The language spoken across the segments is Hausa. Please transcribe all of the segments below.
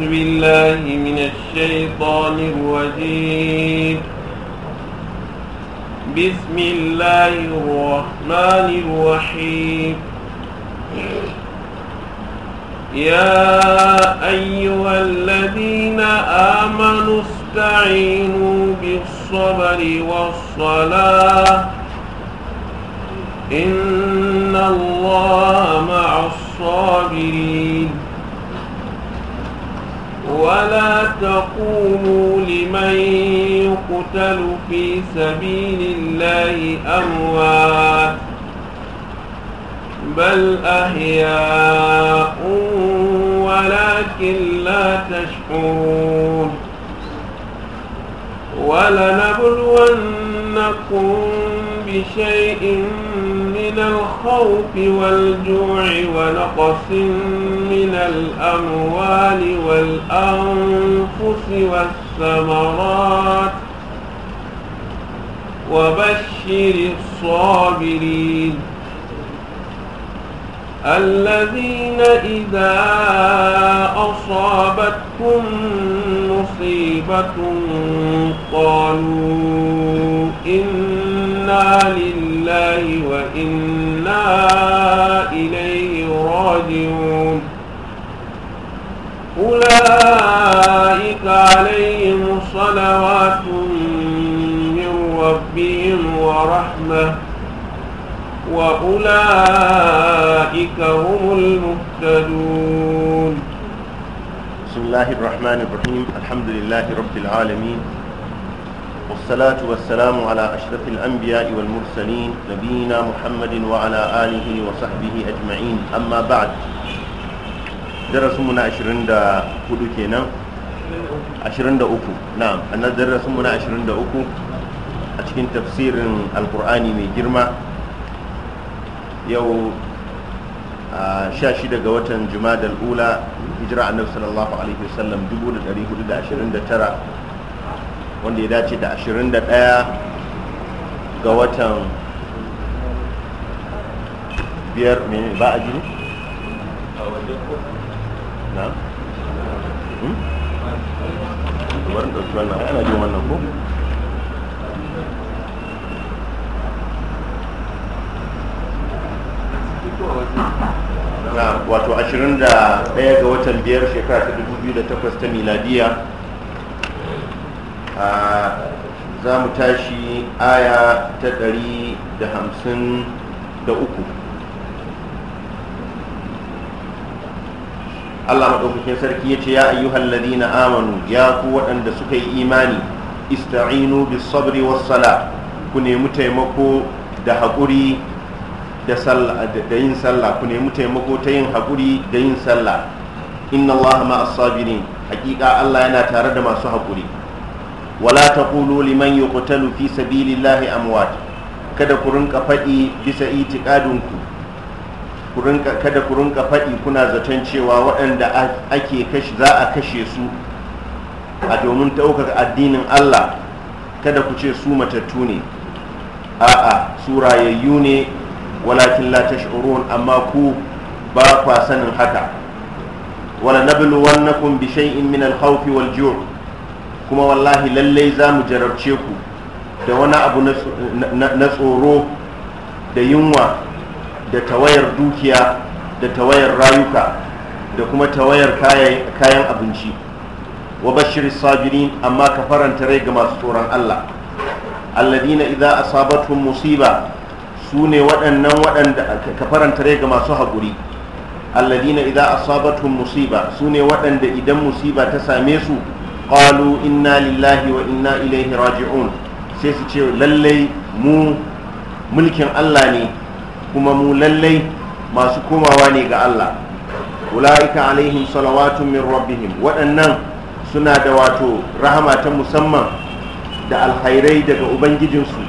بالله من الشيطان الرجيم بسم الله الرحمن الرحيم يا أيها الذين آمنوا استعينوا بالصبر والصلاة إن الله مع الصابرين ولا تقولوا لمن يقتل في سبيل الله أموات بل أحياء ولكن لا تشعرون ولنبلونكم بشيء من الخوف والجوع ونقص من الأموال والأنفس والثمرات وبشر الصابرين الذين إذا أصابتهم مصيبة قالوا إنا لله الله وإنا إليه راجعون أولئك عليهم صلوات من ربهم ورحمة وأولئك هم المهتدون بسم الله الرحمن الرحيم الحمد لله رب العالمين والصلاة والسلام على أشرف الأنبياء والمرسلين نبينا محمد وعلى آله وصحبه أجمعين أما بعد درسمنا عشرين دا كنا عشرين دا أكو نعم أنا درسمنا عشرين دا أكو أتكين تفسير القرآن من جرمة يو شاشدة قوة جماد الأولى هجرة النبي صلى الله عليه وسلم دبولة أريه دا عشرين دا ترى wanda ya dace da 21 ga watan biyar mai ba a jini? na? dubarin hmm? ɗauki wannan ana ji wannan ko? na wato 21 ga watan biyar shekara ta 2008 ta miladiya za mu tashi aya ta ɗari da hamsin da uku Allah maɗaukakin sarki ya ce ya ayyuhal na amanu ya ku waɗanda suka yi imani ista'inu bis sabri was sala ku nemi taimako da haƙuri da yin sallah ku nemi taimako ta yin haƙuri da yin sallah inna Allah ma'as sabirin haƙiƙa Allah yana tare da masu haƙuri wala taqulu liman yuqtalu fi sabilillahi amwat kada ku rinka faɗi bisa itikadinku kada ku rinka faɗi kuna zaton cewa waɗanda ake kashe za a kashe su a domin ɗaukaka addinin Allah kada ku ce su matattu ne a'a su rayayyu ne walakin la tash'urun amma ku ba kwa sanin haka wala nabluwannakum bi shay'in min al-khawfi wal-ju' kuma wallahi lallai za mu jararce ku da wani abu na tsoro da yunwa da tawayar dukiya da tawayar rayuka da kuma tawayar kayan abinci wa bashir sabirin amma ka faranta rai ga masu tsoron Allah alladina idza asabatuhum musiba sune waɗannan waɗanda ka faranta rai ga masu haƙuri alladina idza asabatuhum musiba sune waɗanda idan musiba ta same su qalu inna lillahi wa inna ilaihi raji'un sai su ce lallai mu mulkin Allah ne kuma mu lallai masu komawa ne ga Allah ula'ika alaihim salawatun min rabbihim waɗannan suna da wato rahama ta musamman da alkhairai daga ubangijinsu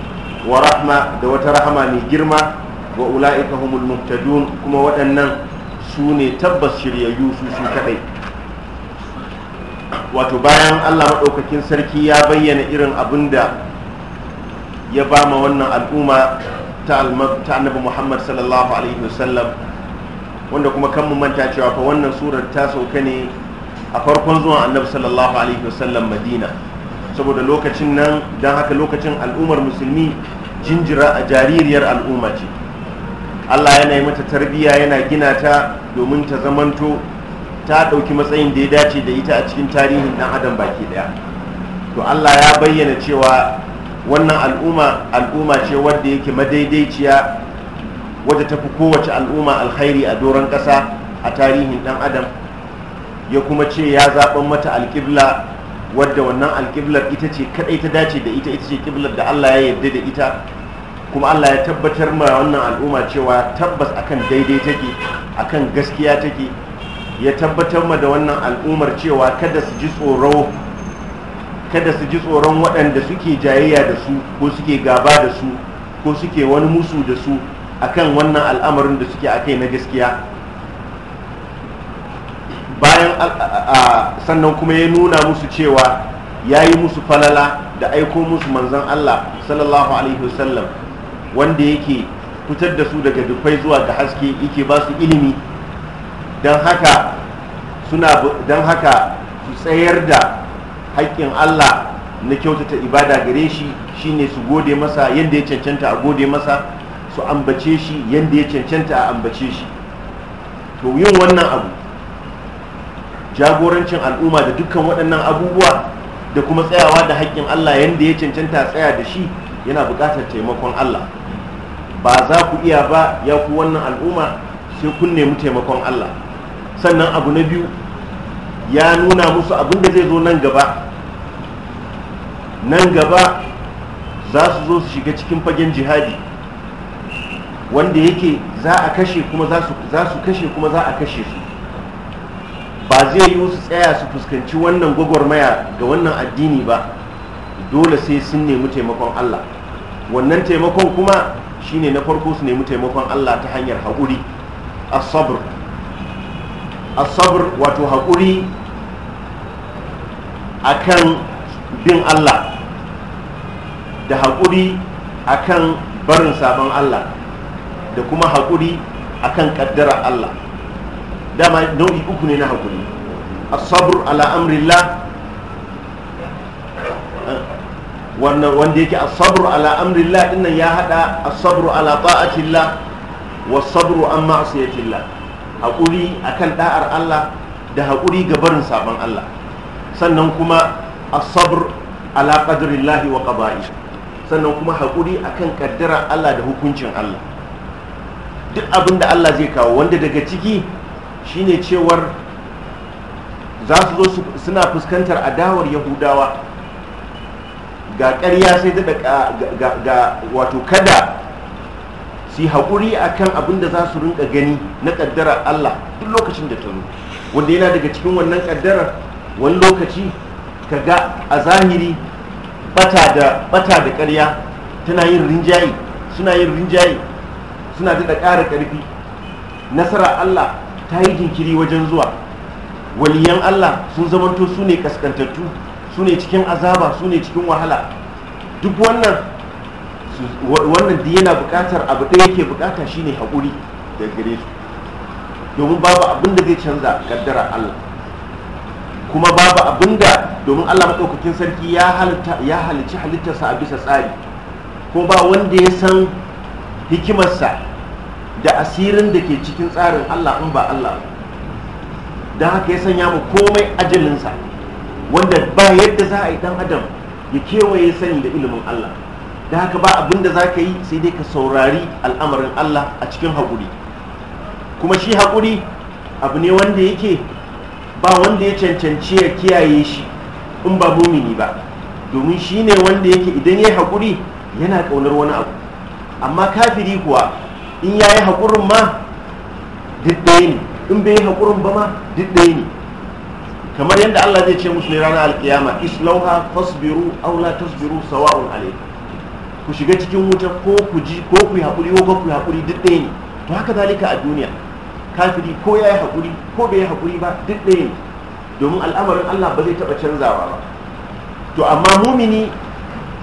wa rahma da wata rahama mai girma wa ula'ika humul muhtadun kuma waɗannan su ne tabbas shiryayyu su su kaɗai wato bayan allah maɗaukakin sarki ya bayyana irin abin da ya ba ma wannan al'umma ta annabi muhammad sallallahu alaihi wasallam wanda kuma kan mu manta cewa fa wannan surar ta sauka ne a farkon zuwan annabi sallallahu alaihi wasallam madina saboda lokacin nan don haka lokacin al'ummar musulmi jinjira a jaririyar al'umma ce allah yana yi mata tarbiyya yana gina ta domin ta zamanto ta ɗauki matsayin da ya dace da ita a cikin tarihin ɗan adam baki ɗaya to allah ya bayyana cewa wannan al'umma al'umma ce wadda yake madaidaiciya wadda ta fi kowace al'umma alkhairi a doron ƙasa a tarihin ɗan adam ya kuma ce ya zaɓen mata alƙibla wadda wannan alƙiblar ita ce kaɗai ta dace da ita ita ce ƙiblar da allah ya yarda da ita kuma allah ya tabbatar ma wannan al'umma cewa tabbas akan daidai take akan gaskiya take ya tabbatar ma da wannan al'ummar cewa kada su ji tsoro kada su ji tsoron waɗanda suke jayayya da su ko suke gaba da su ko suke wani musu da su akan wannan al'amarin da suke akai na gaskiya bayan sannan kuma ya nuna musu cewa ya yi musu falala da aiko musu manzan Allah sallallahu alaihi wasallam wanda yake fitar da su daga dufai zuwa ga haske yake ba su ilimi don haka suna don haka su tsayar da haƙƙin Allah na kyautata ibada gare shi shine su gode masa yadda ya cancanta a gode masa su ambace shi yadda ya cancanta a ambace shi to yin wannan abu jagorancin al'umma da dukkan waɗannan abubuwa da kuma tsayawa da haƙƙin Allah yadda ya cancanta tsaya da shi yana buƙatar taimakon Allah ba za ku iya ba ya ku wannan al'umma sai kun nemi taimakon Allah sannan abu na biyu ya nuna musu abin da zai zo nan gaba nan gaba za su zo su shiga cikin fagen jihadi wanda yake za a kashe kuma za su kashe kuma za a kashe su ba zai yi su tsaya su fuskanci wannan gwagwarmaya ga wannan addini ba dole sai sun nemi taimakon allah wannan taimakon kuma shine na farko su nemi taimakon allah ta hanyar haƙuri asabar asabr wato haƙuri akan bin Allah da haƙuri akan barin sabon Allah da kuma haƙuri akan ƙaddara Allah dama nau'i uku ne na haƙuri asabr ala amrillah wanda yake asabru ala amrillah dinnan ya hada asabru ala ta'atillah wasabru an ma'siyatillah haƙuri akan ɗa'ar Allah da haƙuri ga barin sabon Allah sannan kuma a sabr ala wa ƙaba'i sannan kuma haƙuri akan ƙaddarar Allah da hukuncin Allah duk abin da Allah zai kawo wanda daga ciki shine cewar za su zo suna fuskantar adawar yahudawa ga ƙarya sai da ga wato kada su yi haƙuri a kan abin da za su rinka gani na ƙaddarar Allah duk lokacin da ta nu wanda yana daga cikin wannan ƙaddarar wani lokaci ka ga a zahiri bata da bata da ƙarya tana yin rinjaye suna yin rinjaye suna da ƙara ƙarfi nasara Allah ta yi jinkiri wajen zuwa waliyan Allah sun zamanto su ne kaskantattu su ne cikin azaba su ne cikin wahala duk wannan wannan da yana bukatar abu ɗaya yake buƙata shine haƙuri da gare su domin babu abin da zai canza kaddara Allah kuma babu abin da domin Allah maɗaukakin sarki ya halicci halittarsa a bisa tsari ko ba wanda ya san hikimarsa da asirin da ke cikin tsarin Allah in ba Allah don haka ya sanya mu komai ajalinsa wanda ba yadda za a yi dan adam ya kewaye sani da ilimin Allah da haka ba abin da za ka yi sai dai ka saurari al'amarin Allah a cikin haƙuri kuma shi haƙuri abu ne wanda yake ba wanda ya cancanci ya kiyaye shi in ba mumini ba domin shi ne wanda yake idan ya haƙuri yana ƙaunar wani abu amma kafiri kuwa in ya yi haƙurin ma duk ne in bai yi haƙurin ba ma duk ne kamar yadda Allah zai ce musu ne ranar alƙiyama islauha fasbiru aula tasbiru sawa'un alaikum ku shiga cikin wuta ko ku ji ko ku yi haƙuri ko ku yi haƙuri duk ɗaya ne to haka zalika a duniya kafiri ko ya yi haƙuri ko bai yi haƙuri ba duk ɗaya ne domin al'amarin Allah ba zai taɓa canzawa ba to amma mumini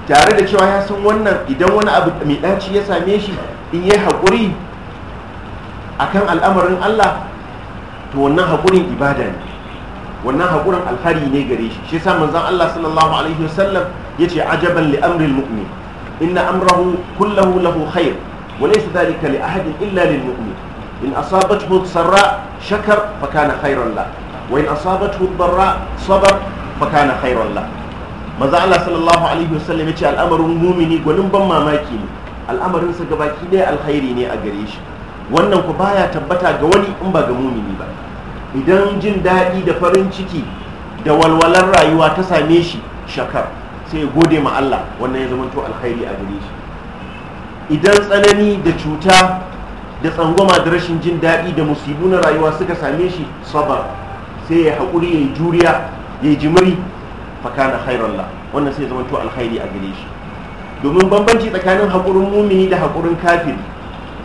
tare da cewa ya san wannan idan wani abu mai ɗaci ya same shi in yi haƙuri akan al'amarin Allah to wannan haƙurin ibada ne wannan haƙurin alfari ne gare shi shi sa manzon Allah sallallahu alaihi wasallam yace ajaban li amril mu'min إن أمره كله له خير وليس ذلك لأحد إلا للمؤمن إن أصابته السراء شكر فكان خيرا له وإن أصابته الضراء صبر فكان خيرا له maza Allah sallallahu alaihi wasallam yace al'amarin mumini gwanin ban mamaki ne al'amarin sa gabaki dai alkhairi ne a gare shi wannan ku baya tabbata ga wani in ba ga mumini ba idan jin daɗi da farin ciki da walwalar rayuwa ta same shi shakar sai ya gode ma Allah wannan ya zamanto alkhairi a gare shi idan tsanani da cuta da tsangwama da rashin jin daɗi da musibu na rayuwa suka same shi sabar sai ya haƙuri ya yi juriya ya yi jimiri fakana khairallah wannan sai ya zamanto alkhairi a gare shi domin bambanci tsakanin haƙurin mumini da haƙurin kafin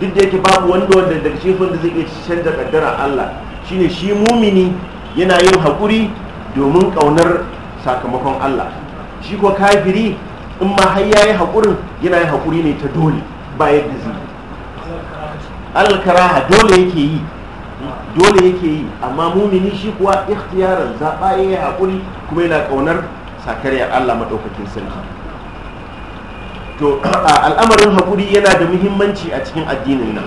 duk da yake babu wanda wanda daga cikin wanda zai iya canza kaddara Allah shine shi mumini yana yin haƙuri domin ƙaunar sakamakon Allah shi ko kafiri in ma har yayi haƙurin yana yi haƙuri ne ta dole ba yadda zai alal dole yake yi dole yake yi amma mumini shi kuwa ikhtiyaran zaɓa ya yi haƙuri kuma yana ƙaunar sakariyar allah maɗaukakin sarki to al'amarin hakuri yana da muhimmanci a cikin addinin nan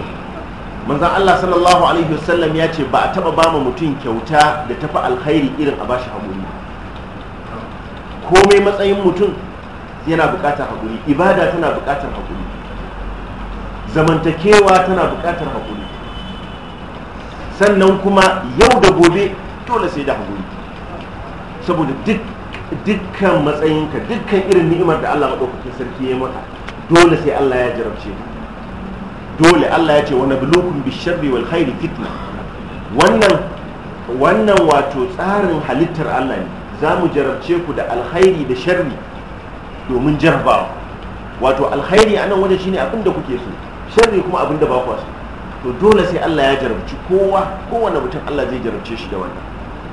manzan allah sallallahu alaihi wasallam ya ce ba a taɓa ba mu mutum kyauta da tafi alkhairi irin a bashi komai matsayin mutum yana bukatar haƙuri ibada tana bukatar haƙuri zamantakewa tana bukatar haƙuri sannan kuma yau da gobe dole sai da haƙuri saboda dukkan matsayinka dukkan irin ni'imar da Allah maɗaukakin sarki ya maka dole sai Allah ya jarabce ka dole Allah ya ce wani bulukun bisharri wal khairi fitna wannan wannan wato tsarin halittar Allah ne za mu jarabce ku da alkhairi da sharri domin jarabawa wato alkhairi a nan wajen shine abin da kuke so sharri kuma abin da ba ku so to dole sai Allah ya jarabci kowa kowane mutum Allah zai jarabce shi da wannan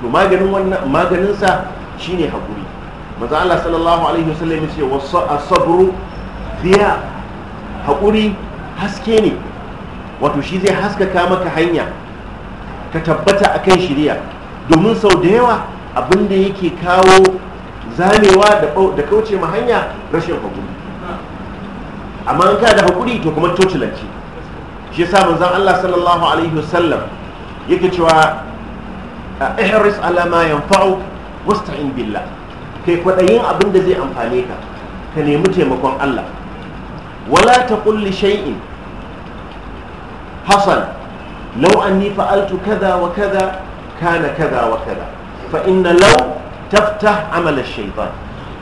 to maganin wannan maganin sa shine hakuri manzo Allah sallallahu alaihi wasallam ya ce was-sabru fiya hakuri haske ne wato shi zai haskaka maka hanya ka tabbata akan shiriya domin sau da yawa abinda yake kawo zamewa da kauce ma hanya rashin hakuri amma an kada hakuri to kuma tocilanci shi yasa manzon Allah sallallahu alaihi wasallam yake cewa ihris ala ma yanfa'u wasta'in billah kai kwadayin abin da zai amfane ka ka nemi taimakon Allah wala taqul li shay'in hasal law anni fa'altu kaza wa kaza kana kaza wa kaza fa inna law taftah amal shaytan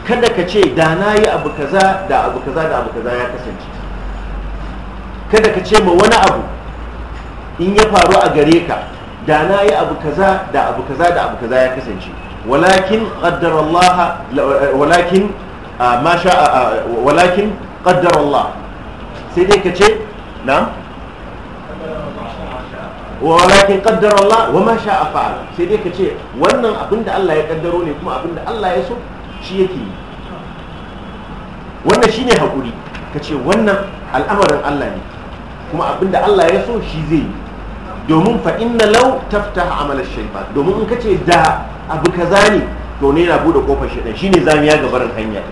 kada ka ce da na yi abu kaza da abu kaza da abu kaza ya kasance kada ka ce ma wani abu in ya faru a gare ka da na yi abu kaza da abu kaza da abu kaza ya kasance walakin qaddara Allah walakin ah, ma sha ah, ah, walakin qaddara Allah sai dai ka ce na walakin qaddara Allah wa ma sha'a fa'al sai dai ka ce wannan abin da Allah ya kaddaro ne kuma abin da Allah ya so shi yake yi wannan shine hakuri ka ce wannan al'amarin Allah ne kuma abin da Allah ya so shi zai yi domin fa inna law taftaha amalan shaytan domin in ka ce da abu kaza ne to ne yana bude kofar shaytan shine zamiya ga barin hanya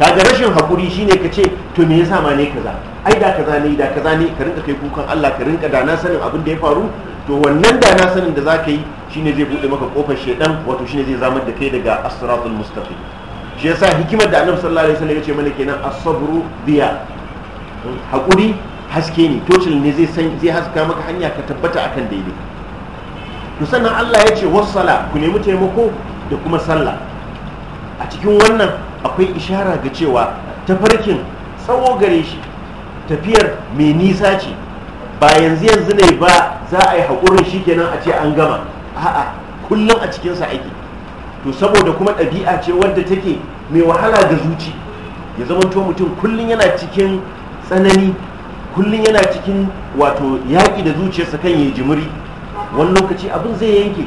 kaga rashin hakuri shine ka ce to me yasa ma ne kaza ai da kaza ne da kaza ne ka rinka kai kukan Allah ka rinka da na sanin abin da ya faru to wannan da na sanin da zaka yi shine zai bude maka kofar shedan wato shine zai zamar da kai daga as-siratul mustaqim shi yasa hikimar da Annabi sallallahu alaihi wasallam ya ce mana kenan as-sabru diya hakuri haske ne tocin ne zai san zai haska maka hanya ka tabbata akan daidai to sannan Allah ya ce wassala ku nemi taimako da kuma sallah a cikin wannan akwai ishara ga cewa ta farkin tsawo gare shi tafiyar mai nisa ce ba yanzu yanzu ne ba za a yi haƙurin shi kenan a ce an gama a'a kullum a cikinsa ake to saboda kuma ɗabi'a ce wadda take mai wahala ga zuci ya zamanto mutum kullum yana cikin tsanani kullum yana cikin wato yaƙi da zuciyarsa kan ya jimiri wani lokaci abin zai yanke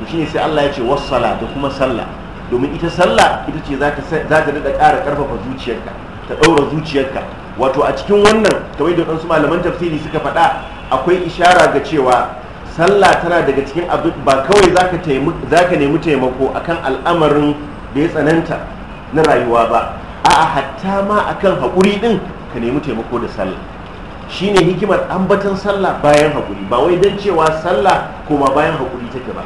to shine sai Allah ya ce wassala da kuma sallah domin ita sallah ita ce za ta daɗa ƙara ƙarfafa zuciyarka ta ɗaura zuciyarka wato a cikin wannan kawai da ɗansu malaman tafsiri suka faɗa akwai ishara ga cewa sallah tana daga cikin abu ba kawai za ka nemi taimako akan al'amarin da ya tsananta na rayuwa ba a'a hatta ma akan haƙuri ɗin ka nemi taimako da sallah shine hikimar ambatan sallah bayan haƙuri ba wai don cewa sallah koma bayan haƙuri take ba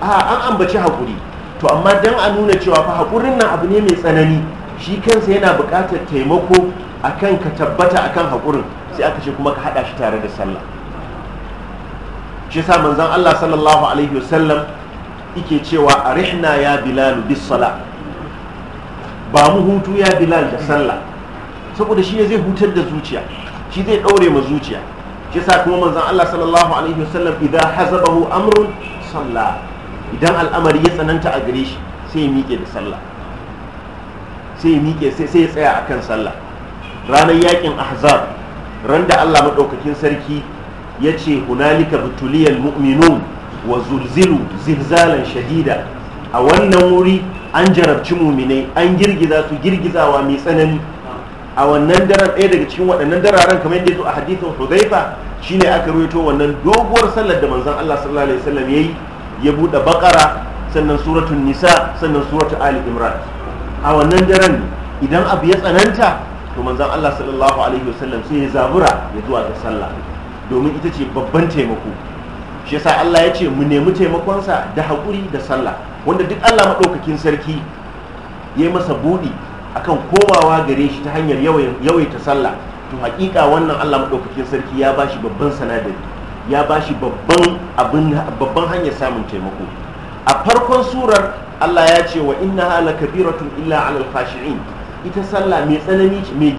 a'a an ambaci haƙuri to amma don a nuna cewa fa haƙurin nan abu ne mai tsanani shi kansa yana buƙatar taimako a kan ka tabbata a kan haƙurin sai aka ce kuma ka haɗa shi tare da sallah shi sa zan Allah sallallahu alaihi wasallam ike cewa arihna ya bilal bis sala ba mu hutu ya bilal da sallah saboda shi ne zai hutar da zuciya shi zai ɗaure ma zuciya shi sa kuma manzan Allah sallallahu alaihi wasallam idan hazabahu amrun sallah idan al'amari ya tsananta a gare shi sai ya miƙe da sallah sai ya miƙe sai ya tsaya akan sallah ranar yakin ahzab ran da Allah maɗaukakin sarki ya ce hunalika butuliyal mu'minun wa zulzilu zilzalan shadida a wannan wuri an jarabci muminai an girgiza su girgizawa mai tsanani a wannan daren ɗaya daga cikin waɗannan dararen kamar yadda ya zo a hadithin hudaifa shine aka rawaito wannan doguwar sallar da manzon Allah sallallahu alaihi wasallam yayi ya buɗe bakara sannan suratun nisa sannan suratun ali imran a wannan daren idan abu ya tsananta to manzan Allah sallallahu alaihi wasallam sai ya zabura ya zuwa ga sallah domin ita ce babban taimako shi yasa Allah ya ce mu nemi taimakonsa da haƙuri da sallah wanda duk Allah maɗaukakin sarki ya yi masa buɗi akan komawa gare shi ta hanyar yawaita sallah to haƙiƙa wannan Allah maɗaukakin sarki ya ba shi babban sanadari ya ba shi babban hanyar samun taimako a farkon surar Allah ya ce wa inna la kabiratun illa ala ita sallah mai tsanani mai